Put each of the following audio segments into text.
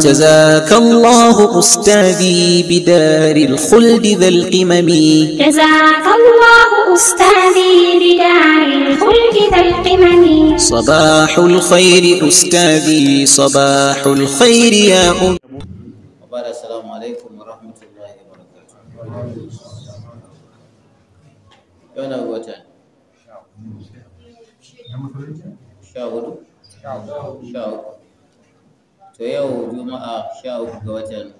جزاك الله أستاذي بدار الخلد ذا القمم جزاك الله أستاذي بدار الخلد ذا القمم صباح الخير أستاذي صباح الخير يا أم السلام عليكم ورحمة الله وبركاته يونا وطن شاور شاور to yau juma'a sha uku ga watan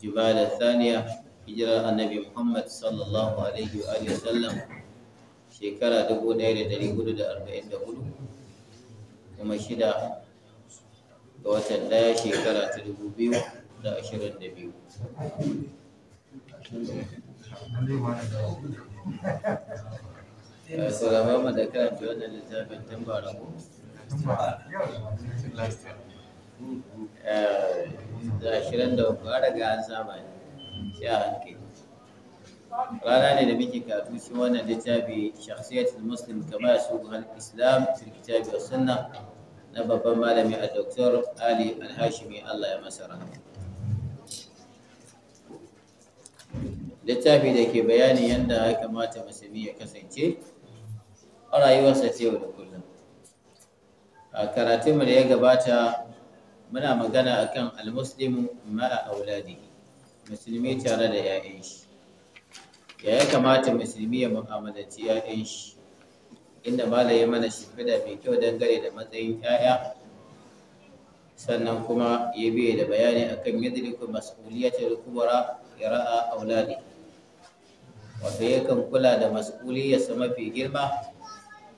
jibada thaniya hijirar annabi muhammad sallallahu alaihi wa alihi sallam shekara dubu ɗaya da da da hudu arba'in hudu kuma shida ga watan ɗaya shekara ta 2022 ya sauraba mu da da karanta wannan littafin tun bara ko? Tun ashirin da uku an saba ne sai a hankali rana ne da muke karatu shi wannan littafi shakhsiyatul muslim kamar su islam fil kitabi was sunna na babban malami a doktor ali alhashimi allah ya masa rahama littafi da ke bayanin yadda ya kamata musulmi ya kasance a rayuwarsa ta yau da kullum a karatunmu da ya gabata muna magana akan almuslimu ma'a auladihi musulmi tare da 'ya'yan shi ya ya kamata musulmi ya mu'amalanci 'ya'yan shi inda mala ya mana shimfiɗa mai kyau gare da matsayin 'ya'ya sannan kuma ya biye da bayani akan yadriku mas'uliyatul kubra qira'a auladi wato yakan kula da mas'uliyarsa mafi girma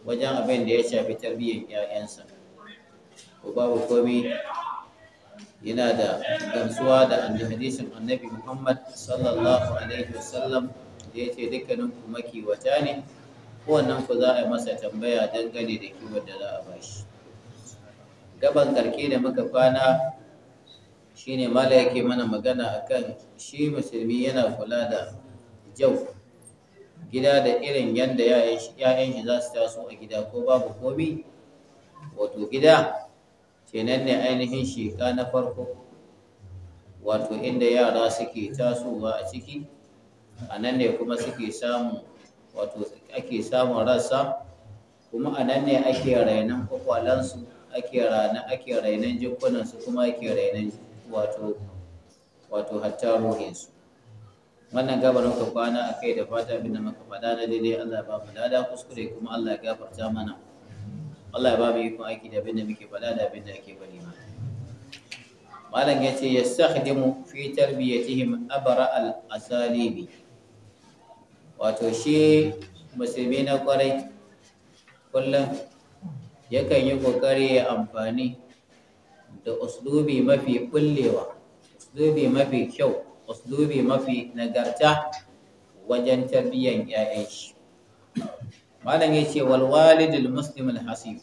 wajen abin da ya shafi tarbiyyar 'ya'yansa ko babu komai yana da gamsuwa da hadisin annabi Muhammad sallallahu alaihi wasallam da ya ce dukkanin ku wata ne kowannen ku za a masa tambaya dangane da kiwon da za a ba shi. gaban karke da muka kwana shine mala yake mana magana akan shi musulmi yana kula da jau gida da irin yadda 'ya'yan shi za su taso a gida ko babu komi wato gida kenan ne ainihin sheka na farko wato inda yara suke tasowa a ciki a nan ne kuma suke samun wato ake samun rassa kuma a nan ne ake rainan kwakwalansu ake rana ake rainan jikunansu kuma ake rainan wato wato hatta ruhinsu wannan gabarin muka kwana a kai da fata abinda muka faɗa na daidai Allah ba mu dada kuskure kuma Allah ya gafarta mana Allah ya ba mu aiki da abin da muke faɗa da abin da ake bari ma malam ya ce yastakhdimu fi tarbiyatihim abra al asalibi wato shi musulmi na kwarai kullum yakan yi ƙoƙari ya amfani da uslubi mafi ƙullewa, uslubi mafi kyau uslubi mafi nagarta wajen tarbiyyar 'ya'yan shi malam ya ce walwalidil muslim hasif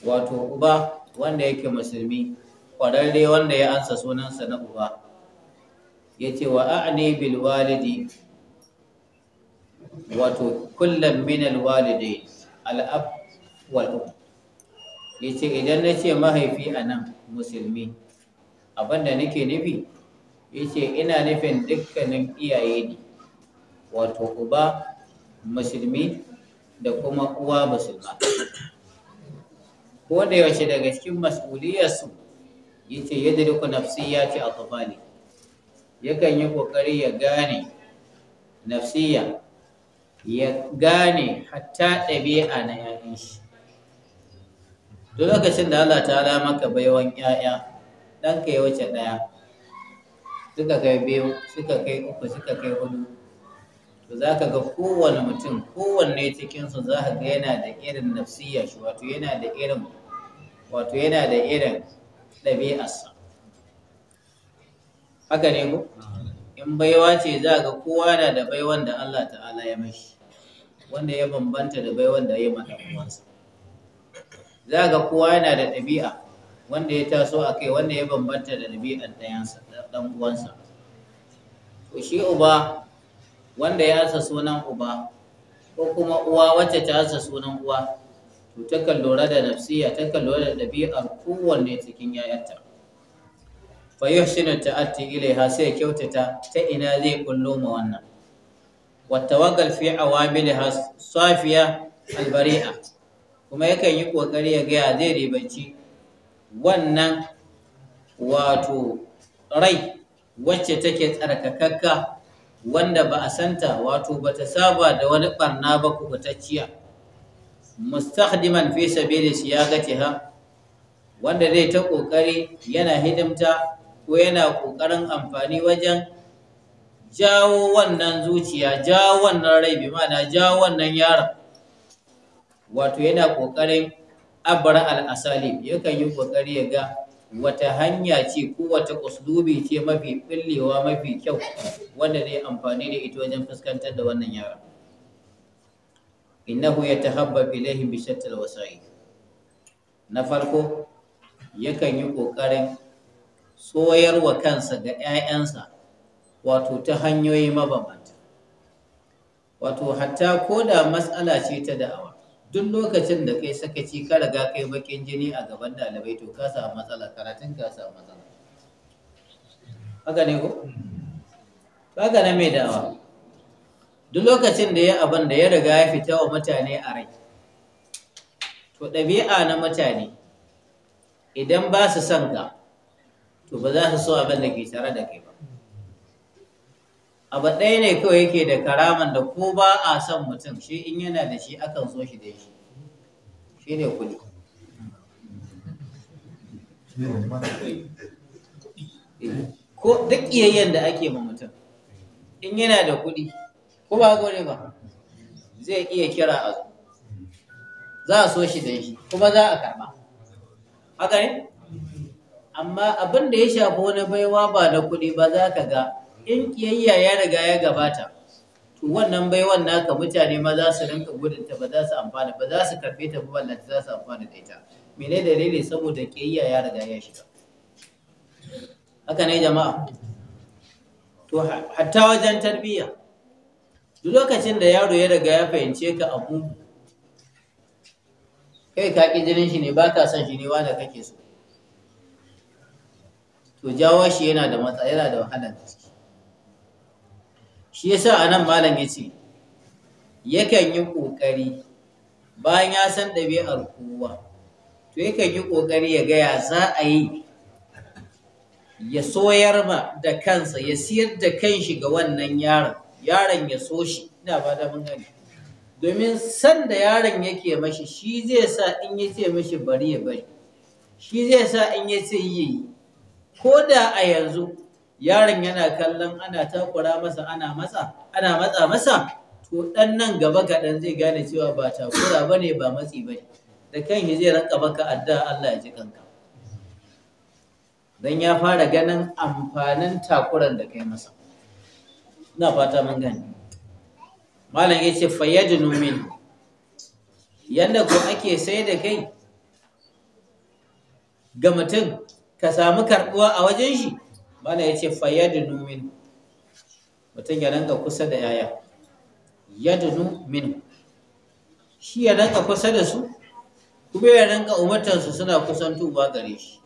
wato uba wanda yake musulmi kwararre wanda ya ansa sunansa na uba ya ce wa ne bil walidi wato kullum minal walidai al'ab um. ya ce idan na ce mahaifi a nan musulmi abinda nake nufi ya ce ina nufin dukkanin iyaye ne wato uba musulmi da kuma uwa musulma ko da yaushe daga cikin mas'uliyarsu nafsiyya ce a atfali yakan yi kokari ya gane nafsiya ya gane hatta ɗabi'a na yayin shi duk lokacin da Allah ta maka baiwan ƴaƴa ɗanka ya wuce ɗaya suka kai biyu suka kai uku suka kai hudu to za ka ga kowane mutum kowanne cikinsu za ka ga yana da irin nafsiyya shi wato yana da irin wato yana da irin ɗabi'arsa haka ne ku in baiwa ce za ga kowa na da baiwan da Allah ta'ala ya mashi wanda ya bambanta da baiwan da ya mata uwansa za ga kowa yana da ɗabi'a wanda ya taso a kai wanda ya bambanta da ɗabi'ar ɗayansa ɗan uwansa to shi uba wanda ya sa sunan uba ko kuma uwa wacce ta sa sunan uwa to takan lura da nafsiya takan lura da dabi'ar kowanne cikin yayarta fa yuhsinu ta'atti ilaiha sai kyautata ta ina zai kullo ma wannan wa tawaggal fi awamilha safiya albari'a kuma yakan yi kokari ya gaya zai ribanci wannan wato rai wacce take tsarkakakka wanda ba a santa wato ba ta saba da wani ɓarna ba kubatacciya mustakhdiman fi sabili siyagatiha wanda zai ta kokari yana hidimta ko yana kokarin amfani wajen jawo wannan zuciya jawo wannan rai bi mana jawo wannan yara wato yana kokarin abara al-asalib yakan yi ƙoƙari ya ga wata hanya ce ko wata uslubi ce mafi billewa mafi kyau wanda zai amfani da ita wajen fuskantar da wannan yara innahu yatahabba ilayhi bi shattal wasa'i na farko yakan yi ƙoƙarin soyarwa kansa ga 'ya'yansa wato ta hanyoyi mabambanta wato hatta ko da matsala ce ta da'awa duk lokacin da kai sakaci ka riga kai bakin jini a gaban dalibai to ka samu matsala karatun ka samu matsala haka ne ko haka na mai dawa duk lokacin da ya abin da ya riga ya fita wa mutane a rai to ɗabi'a na mutane idan ba su son ka to ba za su so abin da ke tare da kai ba abu ɗaya ne kawai yake da karaman da ko ba a son mutum shi in yana da shi akan so shi da shi shi ne kuɗi ko duk iyayen da ake ma mutum in yana da kuɗi ko ba gore ba zai iya kira a za a so shi da shi kuma za a karɓa haka ne amma abin da ya shafi wani baiwa ba da kuɗi ba za ka ga in kiyayya ya riga ya gabata to wannan baiwan naka mutane ma za su rinka gudun ta ba za su amfana ba za su karbe ta ba wannan za su amfana da ita mene dalili saboda kiyayya ya riga ya shiga haka ne jama'a to hatta wajen tarbiyya duk lokacin da yaro ya riga ya fahimce ka abu kai ka ƙi jinin shi ne ba ka son shi ne wanda kake so to jawo shi yana da matsa yana da wahalar shi yasa a nan malam ya ce yakan yi ƙoƙari bayan ya san ɗabi'ar kowa to yakan yi ƙoƙari ya gaya za a yi ya soyar ma da kansa ya siyar da kanshi ga wannan yaron yaron ya so shi ina ba da mun gani domin san da yaron yake mashi shi zai sa in ya ce mashi bari ya bari shi zai sa in ya ce yi ko da a yanzu yaron yana kallon ana takura masa ana masa ana matsa masa to dan nan gaba kaɗan zai gane cewa ba takura ba ne ba matsi ba ne da kan zai ranka baka adda Allah ya ji kanka dan ya fara ganin amfanin takuran da kai masa ina fata mun gani malam ya ce min yadda ko ake sai da kai ga mutum ka samu karɓuwa a wajen shi mana ya ce fayyadinu min mutum ya ranka kusa da yaya yadinu min shi ya ranka kusa da su kuma ya ranka umartansu suna kusan tuba gare shi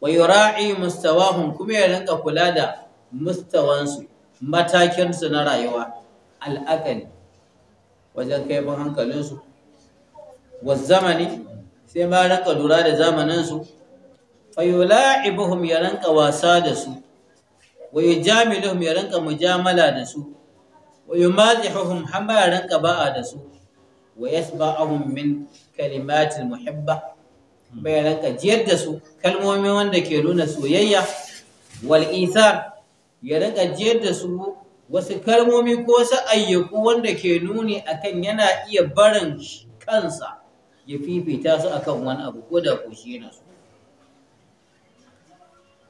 wa yura'i mustawahum kuma ya ranka kula da mustawansu matakinsu na rayuwa al'akali wajen kaifin hankalinsu wa zamani sai ma ranka lura da zamaninsu fayula'ibuhum ya ranka wasa da su wa yujamiluhum ya ranka mujamala da su wa yumazihuhum har ba ya ranka ba'a da su wa yasba'ahum min kalimatil muhibba ba ya ranka jiyar da su kalmomi wanda ke nuna soyayya wal isar ya ranka jiyar da su wasu kalmomi ko wasu ayyuku wanda ke nuni akan yana iya barin kansa ya fifita su akan wani abu ko da ko shi yana so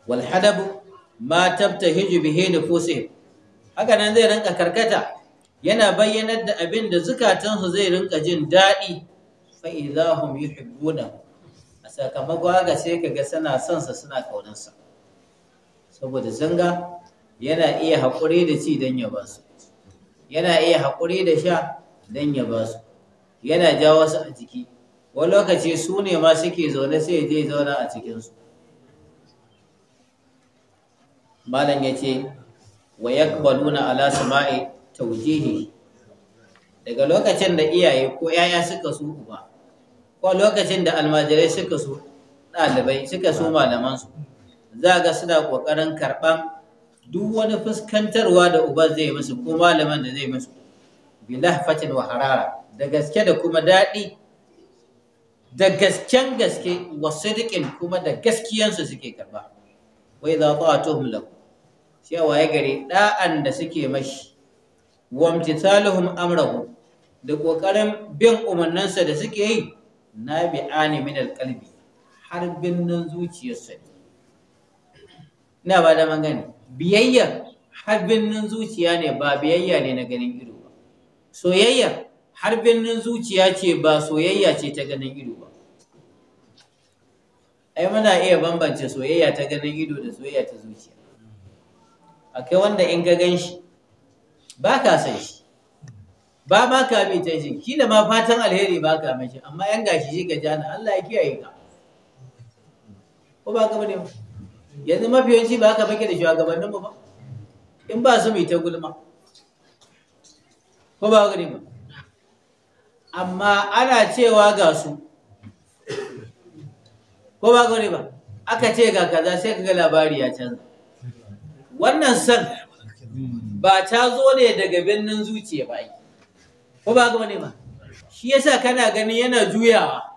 wal hadabu ma tabtahiju bihi nufusihim haka nan zai rinka karkata yana bayyanar da abin da zukatansu zai rinka jin daɗi fa idahum yuhibbuna a sakamako haka sai kaga suna son sa suna kaunansa saboda zanga yana iya haƙuri da ci don ya ba su yana iya haƙuri da sha don ya ba su yana jawo su a jiki wani lokaci su ne ma suke zaune sai je zauna a cikinsu malam ya ce wa ya yaqbaluna ala sama'i taujihi daga lokacin da iyaye ko yaya suka su uba ko lokacin da almajirai suka su ɗalibai suka su malamansu za ga suna ƙoƙarin karɓan duk wani fuskantarwa da uba zai musu ko malaman da zai musu bilahfatin wa harara da gaske da kuma daɗi da gasken gaske wasu riƙin kuma da gaskiyansu suke karɓa wai za ku a tuhum lagu Cewa ya gari ɗa’an da suke mashi Wamci wamtithaluhum amrahu da ƙoƙarin bin umarninsa da suke yi na bi bi'ani min alƙalbi, har binnin zuciyarsa ina ba da magani. biyayya har binnin zuciya ne ba biyayya ne na ganin ido ba soyayya har binnin zuciya ce ba soyayya ce ta ganin ido ba ai muna iya bambance soyayya ta ganin ido da soyayya ta zuciya akwai wanda in ka gan shi ba ka san shi ba ma ka bi ta shi da ma fatan alheri ba ka mashi amma yan gashi shi ka jana Allah ya kiyaye ka ko ba ka bane yanzu mafi yawanci ba ka bake da shugabannin mu ba in ba su mai ta gulma ko ba ka ba amma ana cewa ga su ko ba ka ba aka ce ga kaza sai ka ga labari ya canza wannan son ba ta zo ne daga birnin zuciya ba ko ba ga wani ma shi yasa kana gani yana juyawa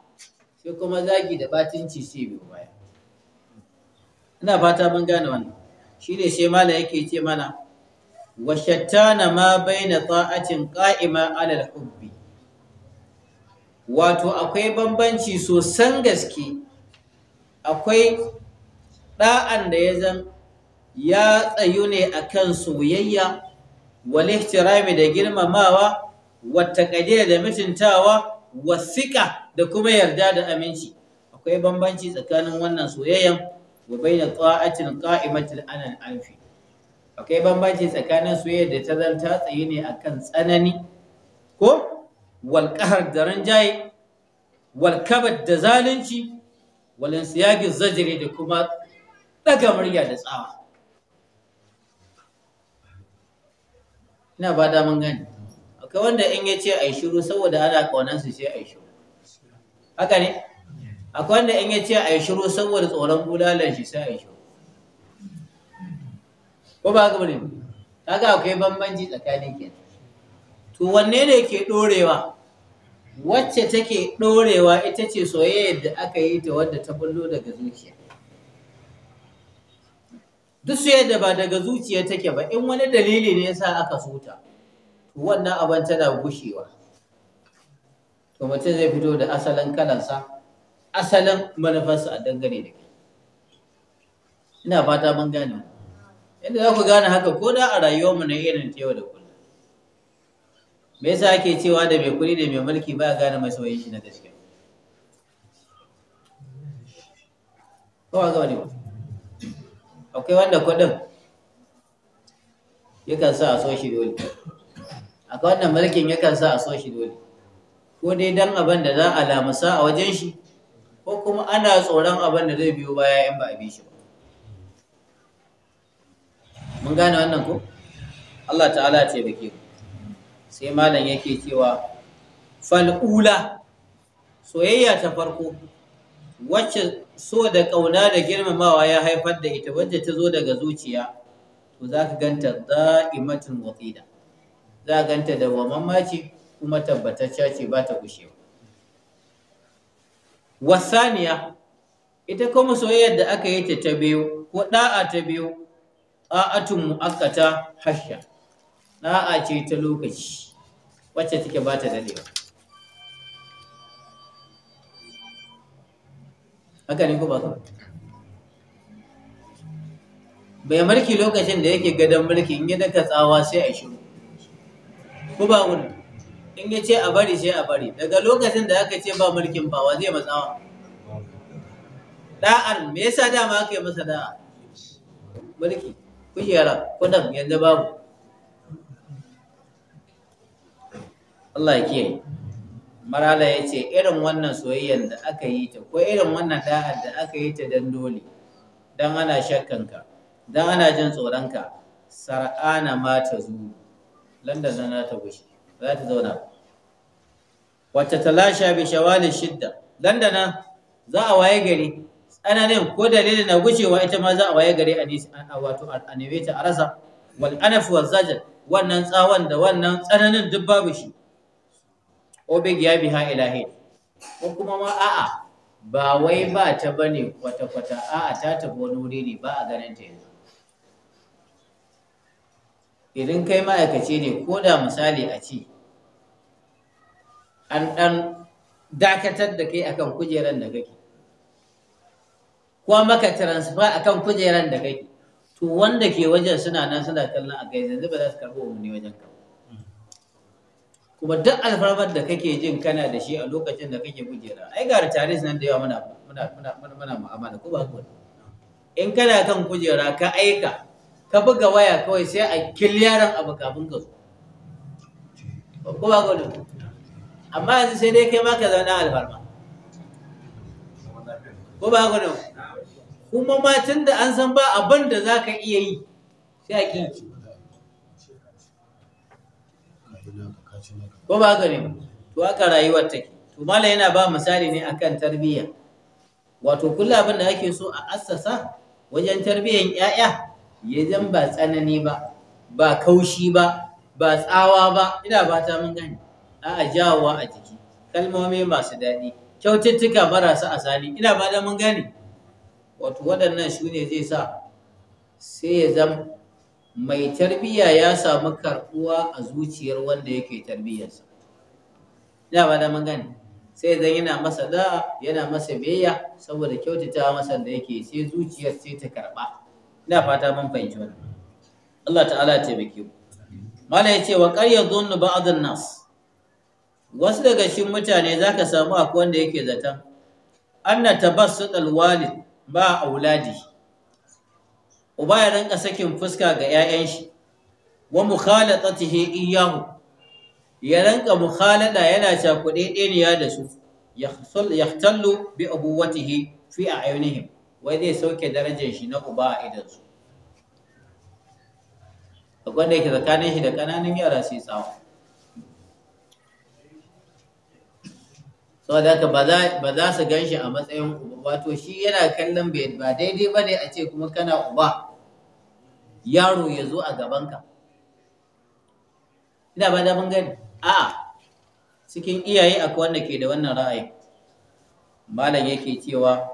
sai kuma zagi da batinci sai biyo baya ina fata mun gane wannan ne sai mala yake ce mana wa shattana ma baina ta'atin qa'ima al hubbi wato akwai bambanci sosan gaske akwai da'an da ya zan ya tsayu ne a kan soyayya walihtirami da girmamawa wata da mutuntawa wasiƙa da kuma yarda da aminci akwai bambanci tsakanin wannan soyayyan wa baina tsawacin qa'imatil anan alfi akwai bambanci tsakanin soyayya da ta zanta tsaye ne kan tsanani ko walƙahar da ranjaye wal da zalunci walin insiyagi zajire da kuma ɗaga murya da tsawa ina ba da mun gani akwai wanda in ya ce ai shiru saboda ana kaunan su sai ai shiru haka ne akwai wanda in ya ce ai shiru saboda tsoron bulalan shi sai ai shiru ko ba haka ne kaga akwai bambanci tsakanin ke to wanne ne ke dorewa wacce take dorewa ita ce soyayyar da aka yi ta wadda ta bullo daga zuciya duk su yadda ba daga zuciya take ba in wani dalili ne yasa aka so ta wannan abin tana gushewa to mutum zai fito da asalin kalansa asalin manufarsa a dangane da kai ina fata mun gane yadda za ku gane haka ko da a rayuwarmu na irin ta yau da kullum me yasa ake cewa da mai kuɗi da mai mulki ba gane mai soyayya shi na gaskiya ko ga wani ba akwai wanda kudin yakan sa a so shi dole akwai wanda mulkin yakan sa a so shi dole ko dai dan abin da za a lamusa a wajen shi ko kuma ana tsoron abin da zai biyo baya in ba a bi shi ba mun gane wannan ko Allah ta'ala ce bake ke sai malam yake cewa fal'ula soyayya ta farko wacce so da ƙauna da girmamawa ya haifar da ita wadda ta zo daga zuciya to za ka ganta da'imatin waƙida za ka ganta da wamamma ce kuma tabbatacce ce ba ta gushewa wasaniya ita kuma soyayyar da aka yi ta ta biyu ko ɗa'a ta biyu ɗa'atun mu'akkata hasha ɗa'a ce ta lokaci wacce take ba ta dadewa haka ne ko ba ka bai mulki lokacin da yake gadon mulki in yi daka tsawa sai a shiru ko ba wani in ya ce a bari sai a bari daga lokacin da aka ce ba mulkin bawa zai matsawa Da'ar me yasa dama aka yi masa da'a mulki kujera kudan yanzu babu Allah ya kiyaye marala ya ce irin wannan soyayyar da aka yi ta ko irin wannan da'ar da aka yi ta don dole don ana shakkanka don ana jin tsoronka sar'ana ma ta zo. landa zana ta gushe za ta zauna wacce talasha bi shawalin shidda dandana za a waye gari tsananin ko dalilin na gushewa ita ma za a waye gari a wato a neme ta a rasa wal anaf wal zajal wannan tsawon da wannan tsananin duk babu shi ko bi biha ilahi ko kuma ma a'a ba wai ba ta bane kwata-kwata a'a ta tafi wani wuri ne ba a ganin ta yanzu idan kai ma'aikaci ne ko da misali a ce an ɗan dakatar da kai akan kujeran da kake ko maka transfer akan kujeran da kake to wanda ke wajen suna nan suna kallon a kai yanzu ba za su karɓo ne wajen ka kuma duk alfarmar da kake jin kana da shi a lokacin da kake kujera ai ga taris nan da yawa muna muna muna muna mu'amala ko ba ko in kana kan kujera ka aika ka buga waya kawai sai a kiliyaran abu kafin ka zo ko ba ko amma yanzu sai dai kai ma ka zauna alfarma ko ba ko kuma ma tun da an san ba abin da za ka iya yi sai a kinki ko ba ka ne to haka rayuwar take to malam yana ba misali ne akan tarbiyya wato kullu abin da ake so a assasa wajen tarbiyyar 'ya'ya ya zan ba tsanani ba ba kaushi ba ba tsawa ba ina ba ta mun gani a'a ajawa a jiki kalmomi masu daɗi kyaututtuka marasa asali ina ba da mun gani. wato waɗannan shi ne zai sa sai ya zama mai tarbiyya ya samu karɓuwa a zuciyar wanda yake tarbiyyarsa da ba da magana sai zan yana masa da yana masa biyayya saboda kyautata masa da yake sai zuciyar sai ta karɓa ina fata mun fahimci wannan Allah ta'ala ya taimake ku ya yace wa qarya dhunnu ba'dun nas wasu daga cikin mutane zaka samu akwai wanda yake zaton anna tabassutul walid ba auladi uba ya rinka sakin fuska ga 'ya'yan shi wa mukhalatatihi iyyahu ya rinka mukhalada yana cakuɗe ɗeniya da su yahtallu bi abuwatihi fi a'yunihim wai zai sauke darajar shi na uba a idan su akwai da yake tsakanin shi da ƙananan yara sai tsawo saboda ba za su gan shi a matsayin uba wato shi yana kallon ba daidai ba ne a ce kuma kana uba yaro ya zo a gabanka ina ba da gani a cikin iyaye akwai wanda ke da wannan ra'ayi malam yake cewa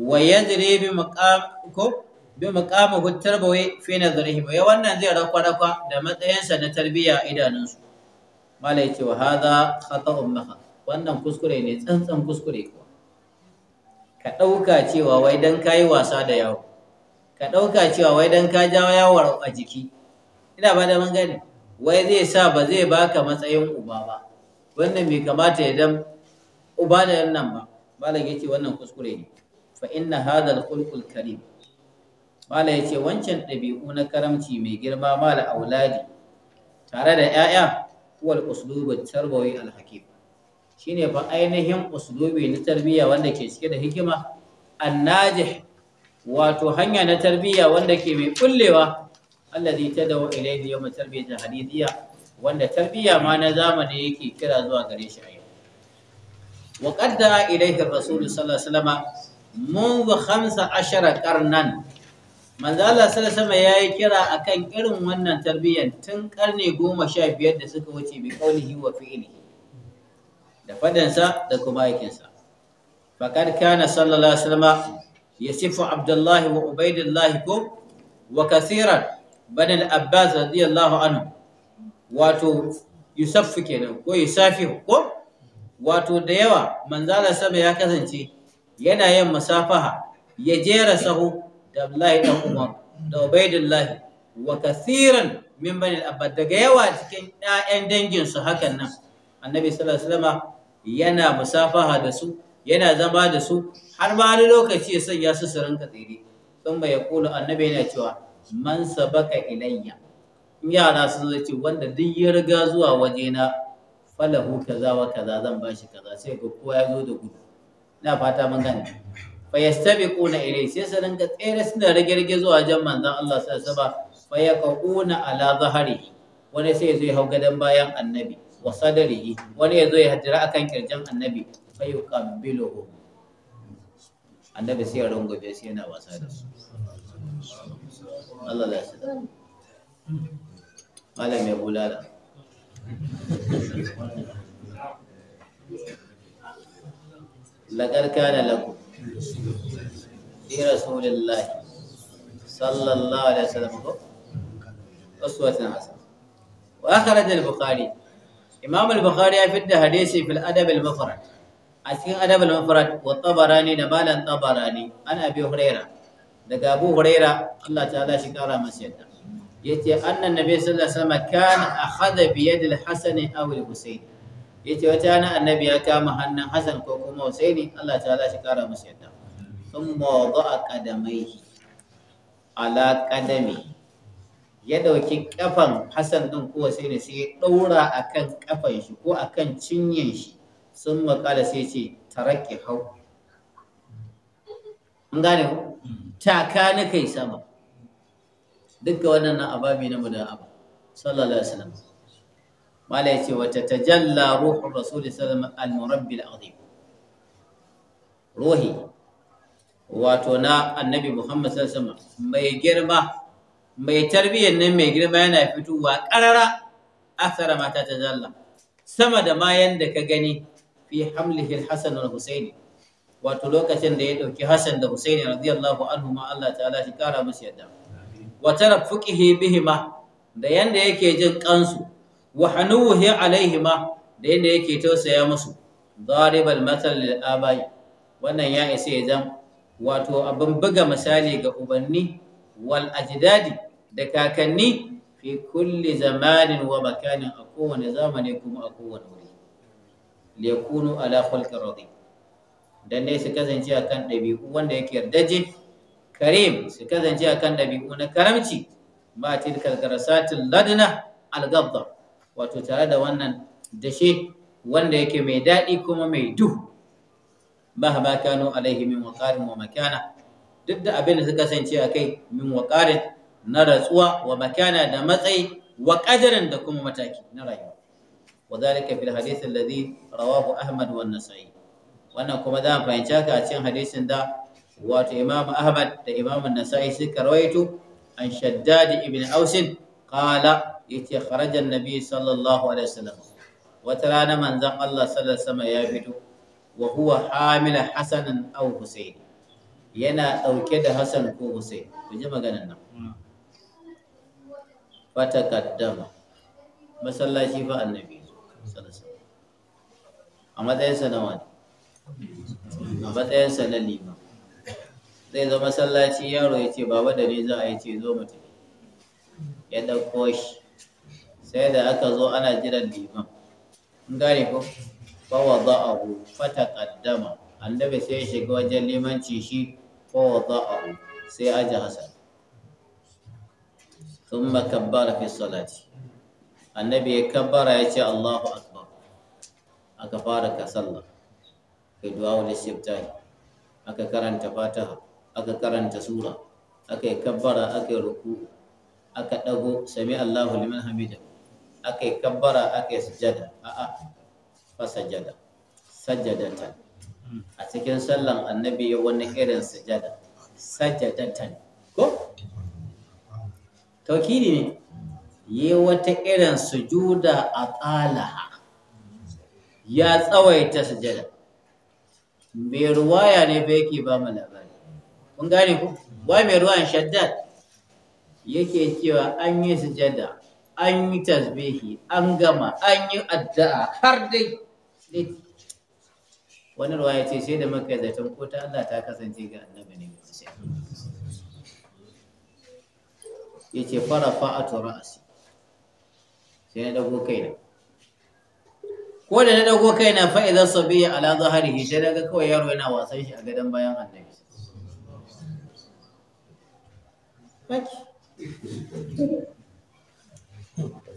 wa yanzire bi maqam ko bi maqamu hutarbawi fi nazarihi ba wannan zai rakwa rakwa da matsayinsa na tarbiyya idanunsu malam yake wa hadha khata'un maha wannan kuskure ne tsantsan kuskure ka dauka cewa wai dan kai wasa da yawo ka ɗauka cewa wai don ka jawo yawon a jiki ina ba da mangani. wai zai sa ba zai baka matsayin uba ba wannan bai kamata ya dan uba da yan nan ba malam ya ce wannan kuskure ne fa inna hadal khulqul karim malam ya ce wancan ɗabi'u na karamci mai girma mala auladi tare da 'ya'ya wal uslubu tarbawi al hakim shine fa ainihin uslubi na tarbiyya wanda ke cike da hikima annajih wato hanya na tarbiyya wanda ke mai kullewa allazi tadawu ilayhi yawm tarbiyyati hadithiyya wanda tarbiyya ma na zamani yake kira zuwa gare shi a yau wa qaddara ilayhi rasul sallallahu alaihi wasallam منذ 15 قرنا manzo Allah sallallahu alaihi yayi kira akan irin wannan tarbiyyar tun sha 15 da suka wuce bi qaulihi wa fi'lihi da fadansa da kuma aikinsa faqad kana sallallahu alaihi wasallam يسف عبد الله وعبيد الله كم وكثيرا بن الأباس رضي الله عنه واتو يسف كنا ويسافه كم واتو ديوا من ذال سبع يكذن شيء yana yin masafaha ya jera sahu da Abdullahi dan Umar da wa kasiran min bani daga yawa cikin 'ya'yan dangin su hakan nan Annabi yana musafaha da su yana zama da su har ma wani lokaci ya sanya su su ranka tsere sun bai kula annabi yana cewa man sabaka ilayya in yara sun zo ce wanda duk ya riga zuwa na falahu kaza wa kaza zan bashi kaza sai ga kowa ya zo da gudu ina fata mun gane fa yastabiquna ilayhi sai su ranka tsere suna rage-rage zuwa jan manzon Allah sallallahu alaihi wasallam fa yaquna ala zahrihi wani sai ya zo ya hau gadon bayan annabi wa sadarihi wani ya zo ya hadira akan kirjan annabi fayuqabbiluhu النبي sai ya rungume sai yana wasa da su Allah ya shi لقد كان لكم في رسول الله صلى الله عليه وسلم أسوة حسنة وأخرج البخاري إمام البخاري في الحديث في الأدب المفرد a cikin adabul mufrad wa tabarani da malan tabarani ana bi huraira daga abu huraira Allah ta'ala shi kara masa yadda yace annan nabi sallallahu alaihi wasallam kana akhadha bi yad al-hasan aw al-husayn yace wata ana annabi ya kama hannun hasan ko kuma husaini Allah ta'ala shi kara masa yadda thumma wada'a qadamaihi ala qadami ya dauki kafan hasan din ko husaini sai ya daura akan kafan shi ko akan cinyen shi sun makala sai ce tarakki hau an gane ku taka ni kai sama dukkan wannan ababi na mudan abu sallallahu alaihi wasallam mala yace wa tatajalla ruhur rasul sallallahu alaihi al-murabbi al-azim ruhi wato na annabi muhammad sallallahu alaihi wasallam mai girma mai tarbiyyar nan mai girma yana fitowa karara asara mata tajalla sama da ma yanda ka gani fi hamlihi Hassan wal Husaini wato lokacin da ya dauki Hassan da Husaini radiyallahu anhuma Allah ta'ala shi kara musu yadda wa taraffuqihi bihima da yanda yake jin kansu wa hanuhi alaihima da yanda yake tausaya musu daribal matal lil abai wannan ya isa ya zam wato abin buga misali ga ubanni wal ajdadi da kakanni fi kulli zamanin wa makanin a kowane zamani kuma a kowane wuri liyakunu ala khalqin dan su kasance akan dabi'u wanda yake yardaje karim su kasance akan dabi'u na karamci ba tilkal garasatil ladna al-gadda wato tare da wannan dashe wanda yake mai daɗi kuma mai duhu ba ba alaihi min waqarin wa makana duk da abin da suka kasance a kai min waqarin na ratsuwa wa makana da matsayi wa qadarin da kuma mataki na rayuwa وذلك في الحديث الذي رواه أحمد والنسائي wannan kuma za a fahimci haka a cikin hadisin da wato Imam Ahmad da Imam An-Nasa'i suka rawaito an Shaddad ibn Ausin qala yace kharaja an-nabi sallallahu alaihi wasallam wata rana manzon Allah sallallahu alaihi wasallam ya fito wa huwa hamila Hasanan Husayn yana dauke da Hasan ko Husayn ji maganar nan fatakaddama masallaci fa annabi a matsayinsa na wani a matsayinsa na lima zai zo masallaci yaro ya ce baba da ni za a yi ce zo mutum ya ɗauko shi sai da aka zo ana jiran liman in gane ko fawa za a hu fata ƙaddama annabi sai ya shiga wajen limanci shi fawa za a hu sai aji hasan sun makabbara fi salati annabi ya kabbara ya ce Allahu akbar aka fara ka sallah kai du'a wal istiftahi aka karanta fataha aka karanta sura aka yi kabbara aka yi ruku aka dago sami Allahu liman hamida aka yi kabbara aka yi sujada a'a fa sajada ta a cikin sallan annabi ya wani irin sujada ta ko tawkili ne yi wata irin sujuda a tsalaha ya tsawaita sujada mai ruwaya ne ba yake ba mu labari kun gane ku ba mai ruwan shaddad yake cewa an yi sujada an yi tasbihi an gama an yi addu'a har dai wani ruwaya ce sai da maka zaton ko ta Allah ta kasance ga annabi ne ya ce fara fa'atu ra'asi sai na dago kaina ko da na dago kaina fa idza sabiya ala zahrihi sai daga kawai yaro yana wasan shi a gadan bayan annabi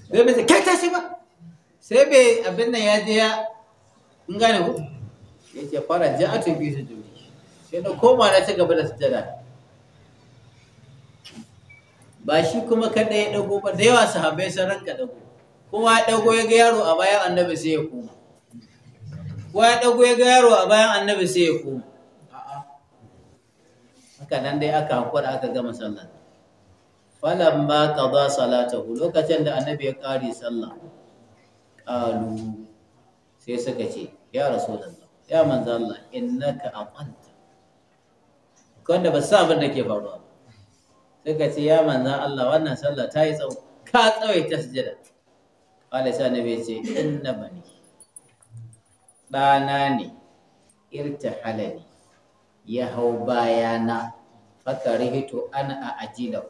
Zai bai kai tashi ba, sai be abin nan ya je ya in gane ko yake fara ji a tafi su juri, sai na koma na ci gaba da sujada. Ba shi kuma kaɗai ya ɗago ba, da yawa sahabai sun ranka ɗago. kuma ya ɗago ya ga yaro a bayan annabi sai ya koma kuma ya ɗago ya ga yaro a bayan annabi sai ya koma haka nan dai aka hankula aka gama sallah falan ba ka ba salatahu lokacin da annabi ya ƙari sallah ƙalu sai suka ce ya rasu ya manzo Allah ka amanta, wanda ba sa da ke faruwa suka ce ya manzo Allah wannan sallah ta yi tsawo ka tsawaita jira. ƙala sai annabi ya ce inna bani ɗana ne irta halali ya hau bayana fakarihito ana a ajila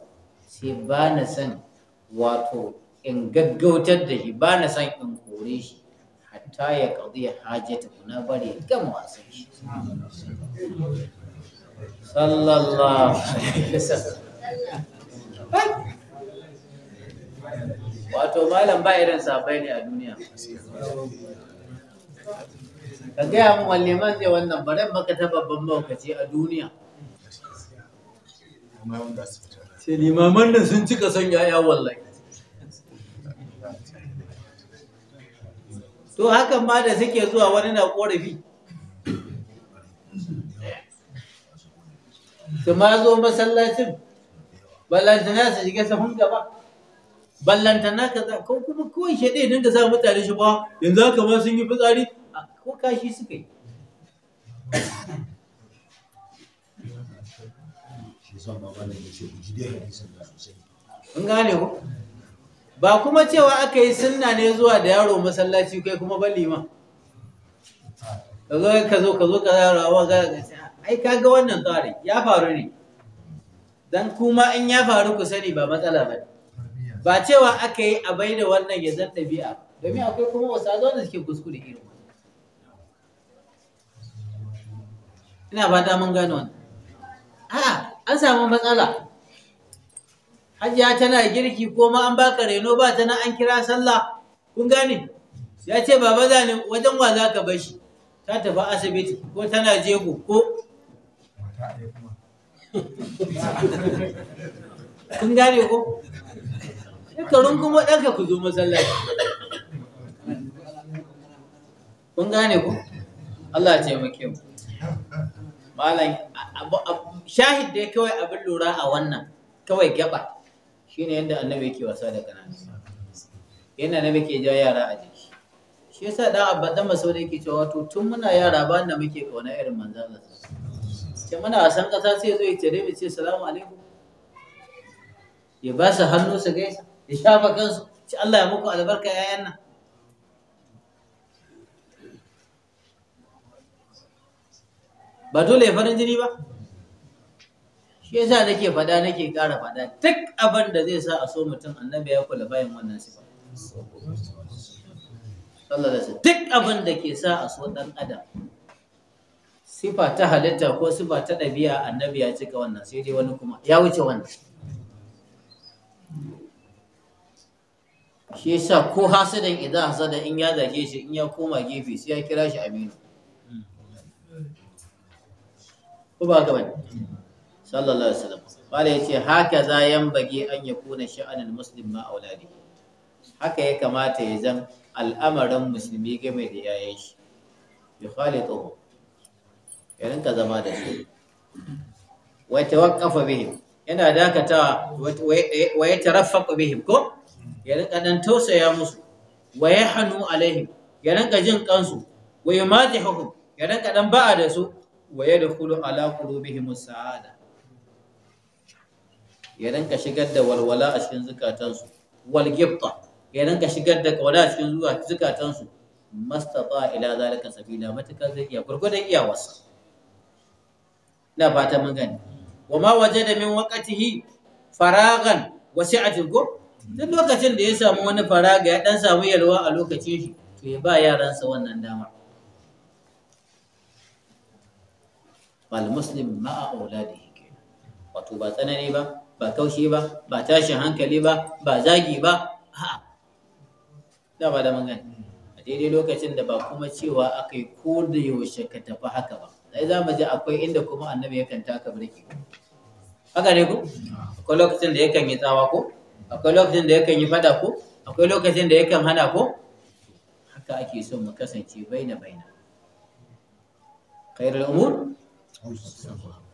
sai ba na san wato in gaggautar da shi ba na san in kore shi hatta ya ƙazi ya hajjata na bari ya gama wasan shi sallallahu alaihi wasallam wato malam ba irin sabai ne a duniya ka gaya mu wanne man zai wannan bare maka ta babban maukaci a duniya sai limaman nan sun cika son yaya wallahi to hakan ma da suke zuwa wani na korafi su ma zo masallacin balantana su shiga sahun gaba ballantana ka za ko kuma kawai shaɗe idan da sa mutane shi ba yanzu haka ma sun yi fitsari A ko kashi suka yi in gane ku ba kuma cewa aka yi sunna ne zuwa da yaro masallaci kai kuma ba liman ka zo ka zo ka zo ka yaro wa ga ai ga wannan tsari ya faru ne dan kuma in ya faru ku sani ba matsala ba ne ba cewa aka yi a bai da wannan ya zan ɗabi'a domin akwai kuma wasu wanda suke kuskure irin wannan ina ba ta mun gano wannan a'a an samu matsala hajiya tana girki ko ma an baka reno ba ta nan an kira sallah kun gane ya ce baba za ne wajen wa za ka bashi ta tafi asibiti ko tana jego ko kun gane ko Shekarun kuma ɗanka ku zo masallaci. Kun gane ku? Allah ce maki yau Malam, shahid dai kawai abin lura a wannan, kawai gaba. Shi ne yadda annabi yake wasa da kanana. Yadda annabi ke ja yara a jiki. Shi yasa ɗan abba ɗan masaudi yake cewa to tun muna yara ba da muke kauna irin manzan Allah. ce muna wasan ƙasa sai zo ya tare mu ce salamu alaikum ya ba su hannu su gaisa ya shafa kansu ci Allah ya muku albarka yayan nan ba dole ya farin jini ba shi yasa nake fada nake ƙara fada duk abin da zai sa a so mutum annabi ya kula bayan wannan sifa duk abin da ke sa a so dan adam sifa ta halitta ko sifa ta ɗabi'a annabi ya cika wannan sai dai wani kuma ya wuce wannan shi yasa ko hasadan idan hasada in ya zage shi in ya koma gefe sai ya kira shi aminu ko ba ga bane sallallahu alaihi wasallam bala yace haka za yan bage an ya kuna sha'anin muslim ma auladi haka ya kamata ya zan al'amarin musulmi game da yayan shi bi khalituhu ya rinka zama da su wa tawaqqafa bihim yana dakatawa wa ya taraffaqu bihim ko ya rinka dan tausaya musu wa hannu alaihim ya rinka jin kansu wa yumadihuhum ya rinka dan ba'a da su wa yadkhulu ala bihi musa'ada? ya rinka shigar da walwala a cikin zukatansu wal gibta ya rinka shigar da kauna a cikin zukatansu mastata ila zalika sabila matakan zai iya gurgudan iyawarsa ina fata mun gani wa ma da min waqtihi faragan wasi'atin gub duk lokacin da ya samu wani faraga ya ɗan samu yalwa a lokacin shi to ya ba yaransa wannan dama al-muslim ma'a auladihi wato ba tsanani ba ba kaushi ba ba tashin hankali ba ba zagi ba da ba da mangan a daidai lokacin da ba kuma cewa aka yi ko da yaushe ka tafi haka ba sai za mu ji akwai inda kuma annabi yakan taka birki haka ne ku akwai lokacin da yakan yi tsawa ko akwai lokacin da yakan yi fada ko akwai lokacin da yakan hana ko haka ake so mu kasance baina baina khairul umur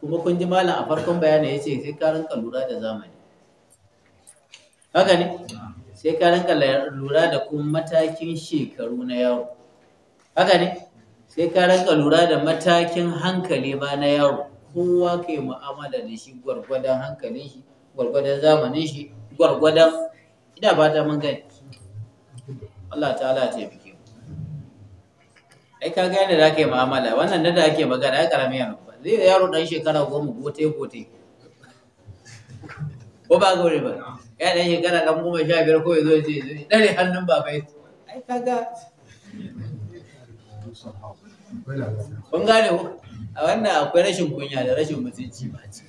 kuma kun ji malam a farkon bayanin yace sai ka rinka lura da zamani haka ne sai ka rinka lura da kuma matakin shekaru na yaro haka ne sai ka rinka lura da matakin hankali ma na yaro kowa ke mu'amala da shi gwargwadon hankalin shi gwargwadon zamanin shi gwargwadon ina ba ta mun gani Allah ta'ala ta yi ai ka ga da za ka mu'amala wannan da ake magana ya karami yaro ba zai yaro dan shekara goma gote gote ko ba gore ba ya dan shekara dan goma sha biyar ko ya zo ce dare hannun baba ya ai ka ga kun gane ko a wannan akwai rashin kunya da rashin mutunci ba ce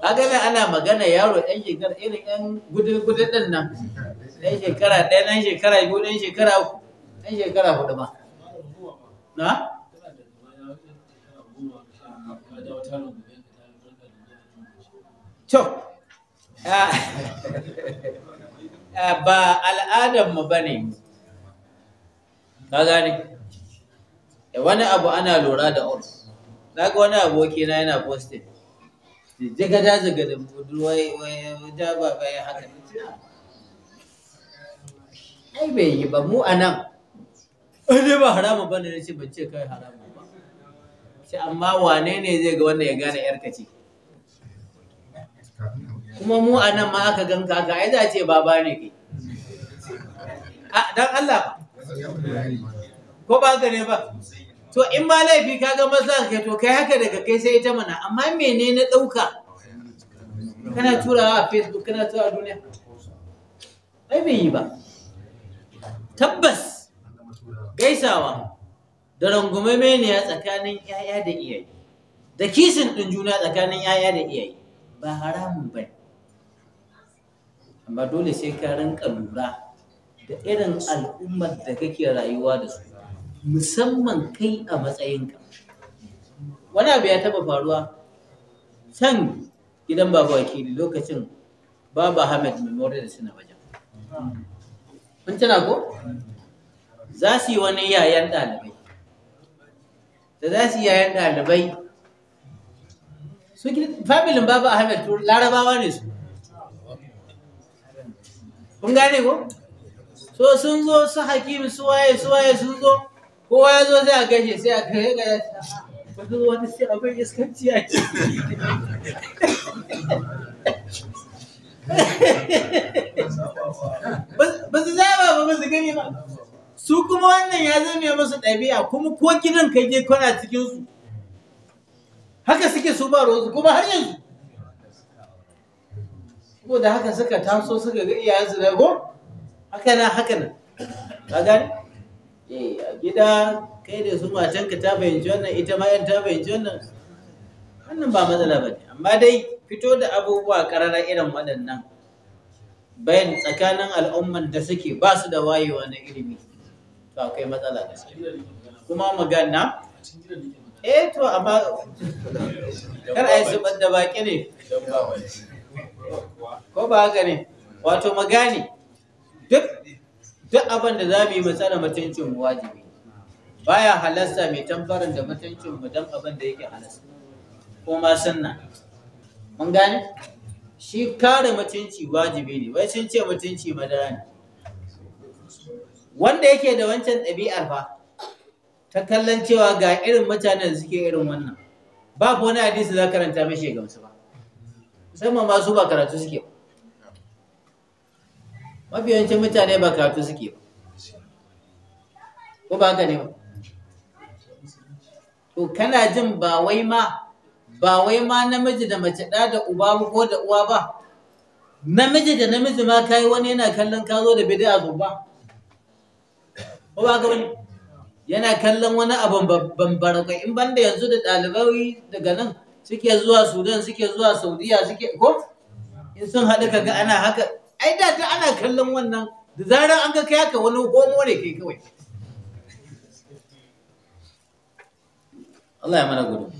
kaga nan ana magana yaro ɗan shekara irin ɗan gudun gudun ɗin nan ɗan shekara ɗaya ɗan shekara biyu ɗan shekara ɗan shekara hudu ba na to ba al'adar mu ba ne ka gane wani abu ana lura da ol na ga wani abokina yana posted. jagada jagada budurwai wajen ba ya haka ai bai yi ba mu a nan ne ba harama ba ne na ce bace kai harama ba ce amma wane ne zai ga wanda ya gane yarka ce kuma mu a nan ma aka gan kaka, ai za ce baba ne kai dan Allah ba ko ba ka ne ba to in ba laifi kaga maza ka to kai haka daga kai sai ita mana amma mene na ɗauka kana turawa a facebook kana turawa duniya ai bai yi ba tabbas gaisawa da rangume meniya tsakanin yaya da iyaye da kisin ɗin juna tsakanin yaya da iyaye ba haramun ba amma dole sai ka rinka lura da irin al'ummar da kake rayuwa da su musamman kai a matsayinka wani abu ya taba faruwa can gidan baba wakili lokacin baba hamad memorial suna wajen kun tana ko za su yi wani yayan ɗalibai da za su yi yayan ɗalibai su familin baba ahmed larabawa ne su kun gane ko so sun zo su hakim su waye su waye sun zo kowa ya zo sai a gaishe sai a kai ga wani wani sai akwai iskanci a ciki ba su zaba ba ba su gani ba su kuma wannan ya zame musu ɗabi'a kuma ko gidan kai je kana cikin su haka suke su ba rozu kuma har yanzu ko da haka suka taso suka ga iyayensu da go haka na haka na. ka gani Eh, a gida kai da su matanka ta fahimci wannan ita ma yan ta fahimci wannan wannan ba matsala ba ne amma dai fito da abubuwa ƙarara irin waɗannan bayan tsakanin al'umman da suke ba su da wayewa na ilimi to akwai matsala da kuma magana eh to amma kar a yi zubar da baki ne ko ba haka ne wato magani duk duk abin da za mu yi matsala mutuncin mu wajibi baya halasta mai tamfarin da mutuncin mu dan abin da yake halasta ko ma sunna mun gane shi kare mutunci wajibi ne wai sun ce mutunci madara ne wanda yake da wancan ɗabi'ar fa ta kallon cewa ga irin mutanen da suke irin wannan babu wani hadisi za karanta mashi gamsu ba musamman masu ba karatu suke ba mafi yawancin mutane ba karatu suke ba ko ba haka ne ba to kana jin ba wai ma ba wai ma namiji da mace ɗa da uba ko da uwa ba namiji da namiji ma kai wani yana kallon ka zo da bid'a zo ba ko ba haka wani yana kallon wani abin bambarakai in banda yanzu da ɗalibai daga nan suke zuwa sudan suke zuwa saudiya suke ko in sun haɗu kaga ana haka ai da ta ana kallon wannan da zarar an ga kai haka wani gomo ne kai kawai Allah ya mana gudu